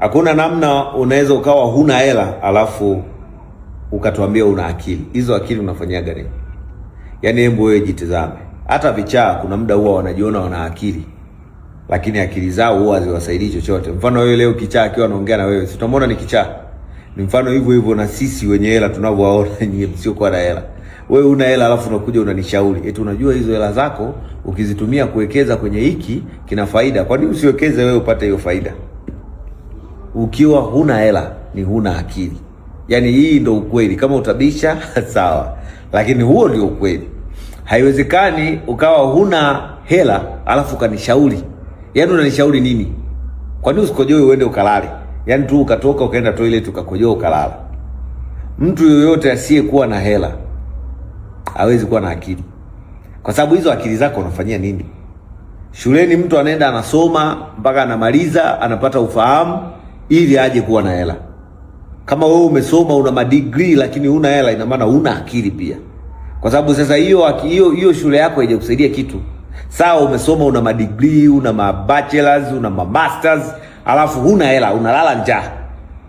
Hakuna namna unaweza ukawa huna hela alafu ukatuambia una akili. Hizo akili unafanyaga nini? Yaani, hebu wewe jitizame. Hata vichaa kuna muda huwa wanajiona wana akili, lakini akili zao huwa haziwasaidii chochote. Mfano wewe leo kichaa akiwa anaongea na wewe, si utamwona ni kichaa? Ni mfano hivyo hivyo na sisi wenye hela tunavyowaona nyinyi msiokuwa na hela. Wewe una hela alafu unakuja unanishauri eti unajua hizo hela zako ukizitumia kuwekeza kwenye hiki kina faida. Kwa nini usiwekeze wewe upate hiyo faida? ukiwa huna hela ni huna akili. Yaani hii ndo ukweli. Kama utabisha sawa, lakini huo ndio ukweli. Haiwezekani ukawa huna hela alafu ukanishauri. Yaani unanishauri nini? Kwa nini usikojoe uende ukalale? Yaani tu ukatoka ukaenda toilet ukakojoa ukalala. Mtu yoyote asiyekuwa na hela hawezi kuwa na akili, kwa sababu hizo akili zako unafanyia nini? Shuleni mtu anaenda anasoma mpaka anamaliza, anapata ufahamu ili aje kuwa na hela. Kama wewe umesoma una madigrii lakini una hela, ina maana una akili pia, kwa sababu sasa hiyo hiyo hiyo shule yako haijakusaidia kitu. Sawa, umesoma una madigrii una mabachelors una mamasters, alafu huna hela, unalala njaa,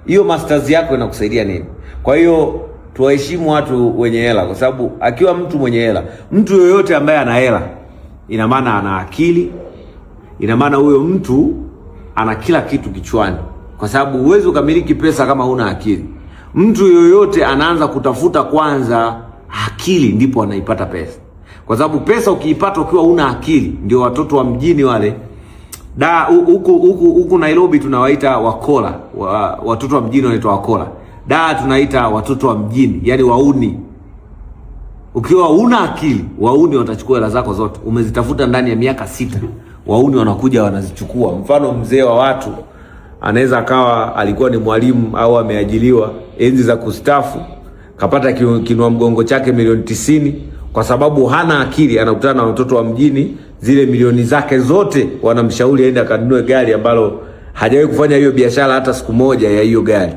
hiyo masters yako inakusaidia nini? Kwa hiyo tuwaheshimu watu wenye hela, kwa sababu akiwa mtu mwenye hela, mtu yoyote ambaye ana hela, ina maana ana akili, ina maana huyo mtu ana kila kitu kichwani kwa sababu huwezi ukamiliki pesa kama huna akili. Mtu yoyote anaanza kutafuta kwanza akili, ndipo anaipata pesa, kwa sababu pesa ukiipata ukiwa una akili, ndio watoto wa mjini wale da huku huku huku Nairobi tunawaita wakola wa, watoto wa mjini wanaitwa wakola da, tunaita watoto wa mjini, yani wauni. Ukiwa una akili, wauni watachukua hela zako zote, umezitafuta ndani ya miaka sita, wauni wanakuja wanazichukua. Mfano mzee wa watu anaweza akawa alikuwa ni mwalimu au ameajiliwa enzi za kustafu, kapata kinua mgongo chake milioni tisini. Kwa sababu hana akili, anakutana na watoto wa mjini, zile milioni zake zote wanamshauri aende akanunue gari ambalo hajawahi kufanya hiyo biashara hata siku moja ya hiyo gari.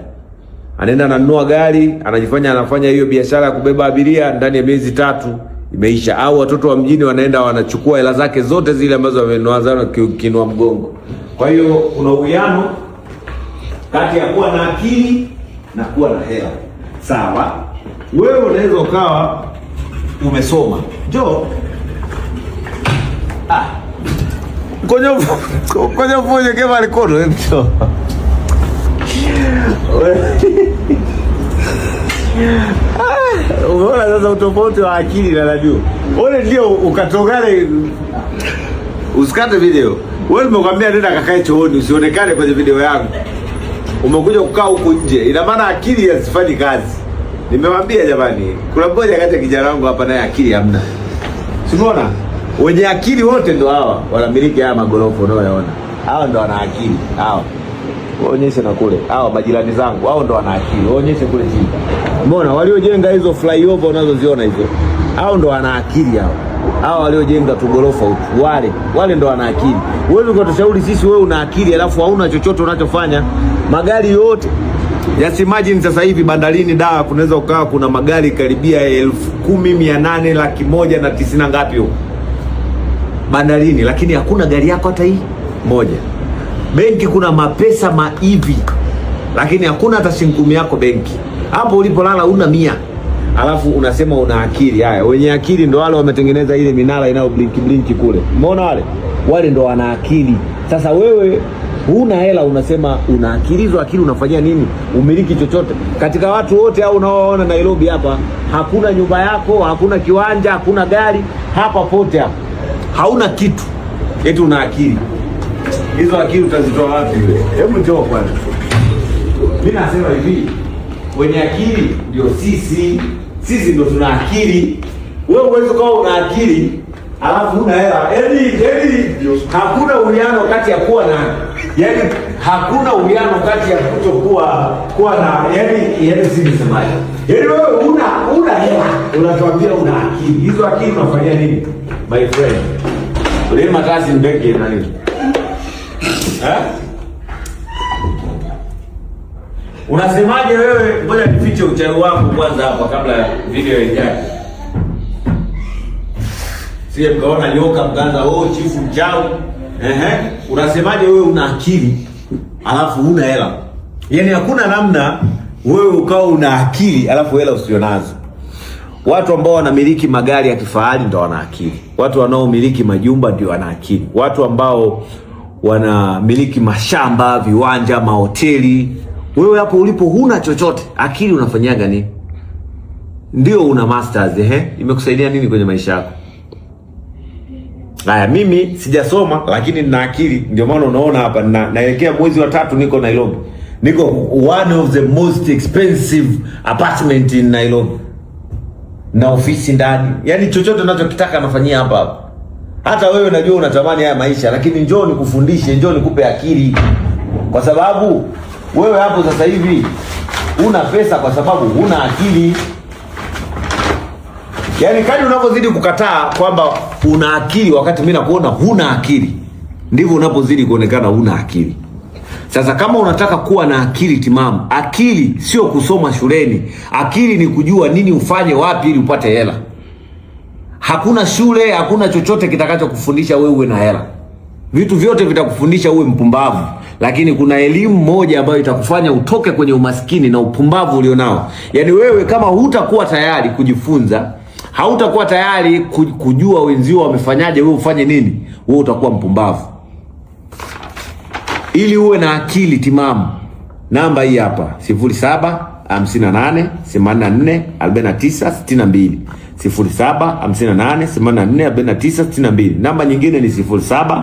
Anaenda ananunua gari, anajifanya anafanya hiyo biashara ya kubeba abiria, ndani ya miezi tatu imeisha. Au watoto wa mjini wanaenda wanachukua hela zake zote zile ambazo wamenoazana kinua mgongo. Kwa hiyo kuna uwiano kati ya kuwa na akili na kuwa na hela. Sawa, wewe unaweza ukawa umesoma jo ah. koja funye kema likono Umeona sasa utofauti wa akili na radio. wewe ndio ukatogale, usikate video. Wewe nimekwambia nenda kakae chooni, usionekane kwenye video yangu umekuja kukaa huku nje, ina maana akili hazifanyi kazi. Nimewambia jamani, kuna mmoja kati ya kijana wangu hapa naye akili hamna, simona. Wenye akili wote ndo hawa wanamiliki haya magorofa unaoyaona hawa ndo wana akili hawa. Waonyeshe na kule hawa majirani zangu, hao ndo wana akili. Waonyeshe kule chini, mbona waliojenga hizo flyover unazoziona hizo, hao ndo wana akili hao hawa waliojenga tu gorofa huku, wale wale ndo wana akili. Huwezi ukatushauri sisi wewe una akili alafu hauna chochote unachofanya. Magari yote just imagine sasa hivi bandarini da kunaweza ukawa kuna magari karibia elfu kumi mia nane laki moja na tisini ngapi huko bandarini, lakini hakuna gari yako hata hii moja. Benki kuna mapesa maivi, e lakini hakuna hata shilingi yako benki. Hapo ulipolala una mia alafu unasema una akili. Haya, wenye akili ndo wale wametengeneza ile minara inayo blinki blinki kule, umeona wale wale ndo wana akili. Sasa wewe huna hela, unasema una akili. Hizo akili unafanyia nini? Umiliki chochote katika watu wote au unaoona Nairobi hapa, hakuna nyumba yako, hakuna kiwanja, hakuna gari hapa, pote hapa hauna kitu, eti una akili. Hizo akili utazitoa wapi wewe? Hebu njoo kwanza. Mimi nasema hivi, wenye akili ndio sisi. Sisi ndo tuna akili. Wewe uweze kuwa una akili alafu una hela. Yaani yaani hakuna uwiano kati ya kuwa na yaani hakuna uwiano kati ya kutokuwa kuwa na yaani yaani si Yaani wewe una una hela unatuambia una akili. Hizo akili unafanyia nini? My friend. Ulema kazi mbeki na nini? Eh? Unasemaje wewe? Ngoja nifiche uchawi wangu kwanza hapa kabla ya video ijayo. Sie mkaona nyoka mkaanza oh, chifu mchawi. Ehe, unasemaje wewe una akili alafu huna hela? Yaani hakuna namna wewe ukawa una akili alafu hela usionazo. Watu ambao wanamiliki magari ya kifahari ndio wana akili. Watu wanaomiliki majumba ndio wana akili. Watu ambao wanamiliki mashamba, viwanja, mahoteli wewe hapo ulipo huna chochote, akili unafanyaga nini? Ndio una masters ehe, imekusaidia nini kwenye maisha yako? Haya, mimi sijasoma lakini nina akili, ndio maana unaona hapa na, naelekea mwezi wa tatu niko Nairobi, niko one of the most expensive apartment in Nairobi na ofisi ndani, yaani chochote unachokitaka nafanyia hapa hapa. Hata wewe najua unatamani haya maisha, lakini njoo nikufundishe, njoo nikupe akili, kwa sababu wewe hapo sasa hivi una pesa kwa sababu huna akili. Yaani kadri unavyozidi kukataa kwamba una akili, wakati mimi nakuona huna akili, ndivyo unapozidi kuonekana huna akili. Sasa kama unataka kuwa na akili timamu, akili sio kusoma shuleni. Akili ni kujua nini ufanye wapi ili upate hela. Hakuna shule, hakuna chochote kitakachokufundisha wewe uwe na hela. Vitu vyote vitakufundisha uwe mpumbavu, lakini kuna elimu moja ambayo itakufanya utoke kwenye umaskini na upumbavu ulionao. Yaani wewe kama hutakuwa tayari kujifunza, hautakuwa tayari kujua wenzio wamefanyaje, wewe ufanye nini, wewe utakuwa mpumbavu. Ili uwe na akili timamu, namba hii hapa 0758 84 49 62 0758 84 49 62. Namba nyingine ni 07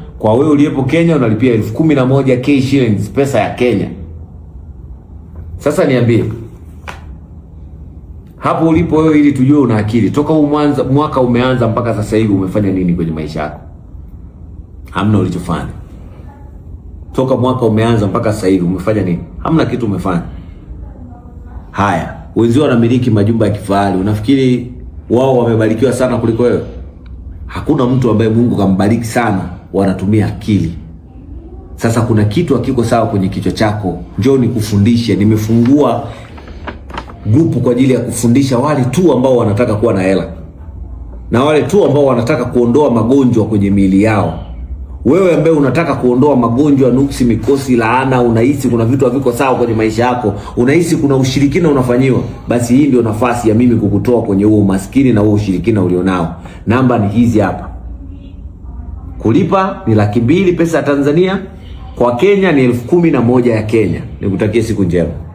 Kwa wewe uliyepo Kenya unalipia elfu kumi na moja K shillings, pesa ya Kenya. Sasa niambie hapo ulipo wewe, ili tujue una akili. Toka huu mwaka umeanza mpaka sasa hivi umefanya nini kwenye maisha yako? Hamna ulichofanya toka mwaka umeanza mpaka sasa hivi umefanya nini? Hamna kitu umefanya. Haya, wenzio wanamiliki majumba ya kifahari, unafikiri wao wamebarikiwa sana kuliko wewe? Hakuna mtu ambaye Mungu kambariki sana wanatumia akili. Sasa kuna kitu hakiko sawa kwenye kichwa chako, njoo nikufundishe. Nimefungua grupu kwa ajili ya kufundisha wale tu ambao wanataka kuwa na hela na wale tu ambao wanataka kuondoa magonjwa kwenye miili yao. Wewe ambaye unataka kuondoa magonjwa, nuksi, mikosi, laana, unahisi kuna vitu haviko sawa kwenye maisha yako, unahisi kuna ushirikina unafanyiwa, basi hii ndio nafasi ya mimi kukutoa kwenye huo umaskini na huo ushirikina ulionao. Namba ni hizi hapa. Kulipa ni laki mbili pesa ya Tanzania, kwa Kenya ni elfu kumi na moja ya Kenya. Nikutakie siku njema.